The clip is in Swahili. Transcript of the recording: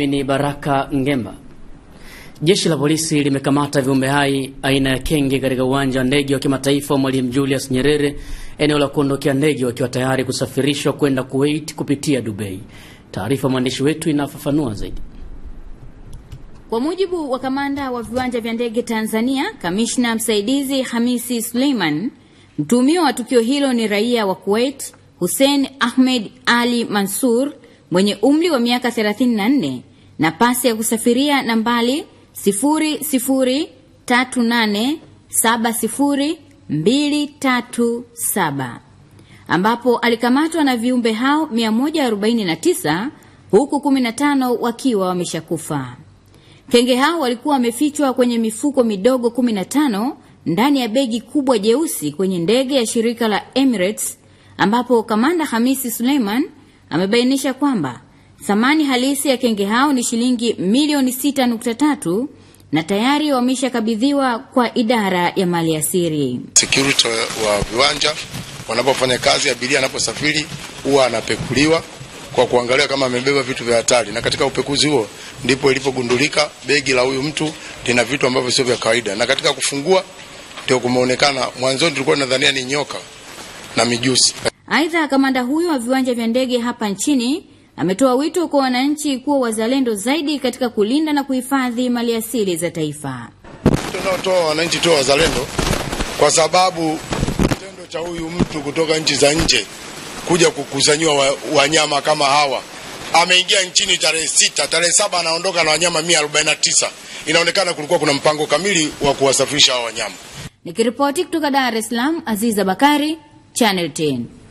Mimi ni Baraka Ngemba. Jeshi la polisi limekamata viumbe hai aina ya kenge katika uwanja wa ndege wa kimataifa Mwalimu Julius Nyerere, eneo la kuondokea ndege, wakiwa tayari kusafirishwa kwenda Kuwait kupitia Dubai. Taarifa mwandishi wetu inafafanua zaidi. Kwa mujibu wa kamanda wa viwanja vya ndege Tanzania, kamishna msaidizi Hamisi Suleiman, mtuhumiwa wa tukio hilo ni raia wa Kuwait Hussein Ahmed Ali Mansur mwenye umri wa miaka 34 na pasi ya kusafiria nambali 00387027 ambapo alikamatwa na viumbe hao 149 huku 15 wakiwa wameshakufa. Kenge hao walikuwa wamefichwa kwenye mifuko midogo 15 ndani ya begi kubwa jeusi kwenye ndege ya shirika la Emirates ambapo kamanda Hamisi Suleiman amebainisha kwamba thamani halisi ya kenge hao ni shilingi milioni 6.3 na tayari wameshakabidhiwa kwa idara ya mali asiri. Security wa viwanja wanapofanya kazi, abiria anaposafiri huwa anapekuliwa kwa kuangalia kama amebeba vitu vya hatari, na katika upekuzi huo ndipo ilipogundulika begi la huyu mtu lina vitu ambavyo sio vya kawaida, na katika kufungua ndio kumeonekana. Mwanzoni tulikuwa tunadhania ni nyoka na mijusi. Aidha, kamanda huyo wa viwanja vya ndege hapa nchini ametoa wito kwa wananchi kuwa wazalendo zaidi katika kulinda na kuhifadhi maliasili za taifa. Tunaotoa wananchi tu wazalendo, kwa sababu kitendo cha huyu mtu kutoka nchi za nje kuja kukusanyiwa wanyama wa kama hawa, ameingia nchini tarehe sita, tarehe saba anaondoka na wanyama mia arobaini na tisa. Inaonekana kulikuwa kuna mpango kamili wa kuwasafirisha hawa wanyama. Nikiripoti kutoka Dar es Salaam, Aziza Bakari, Channel 10.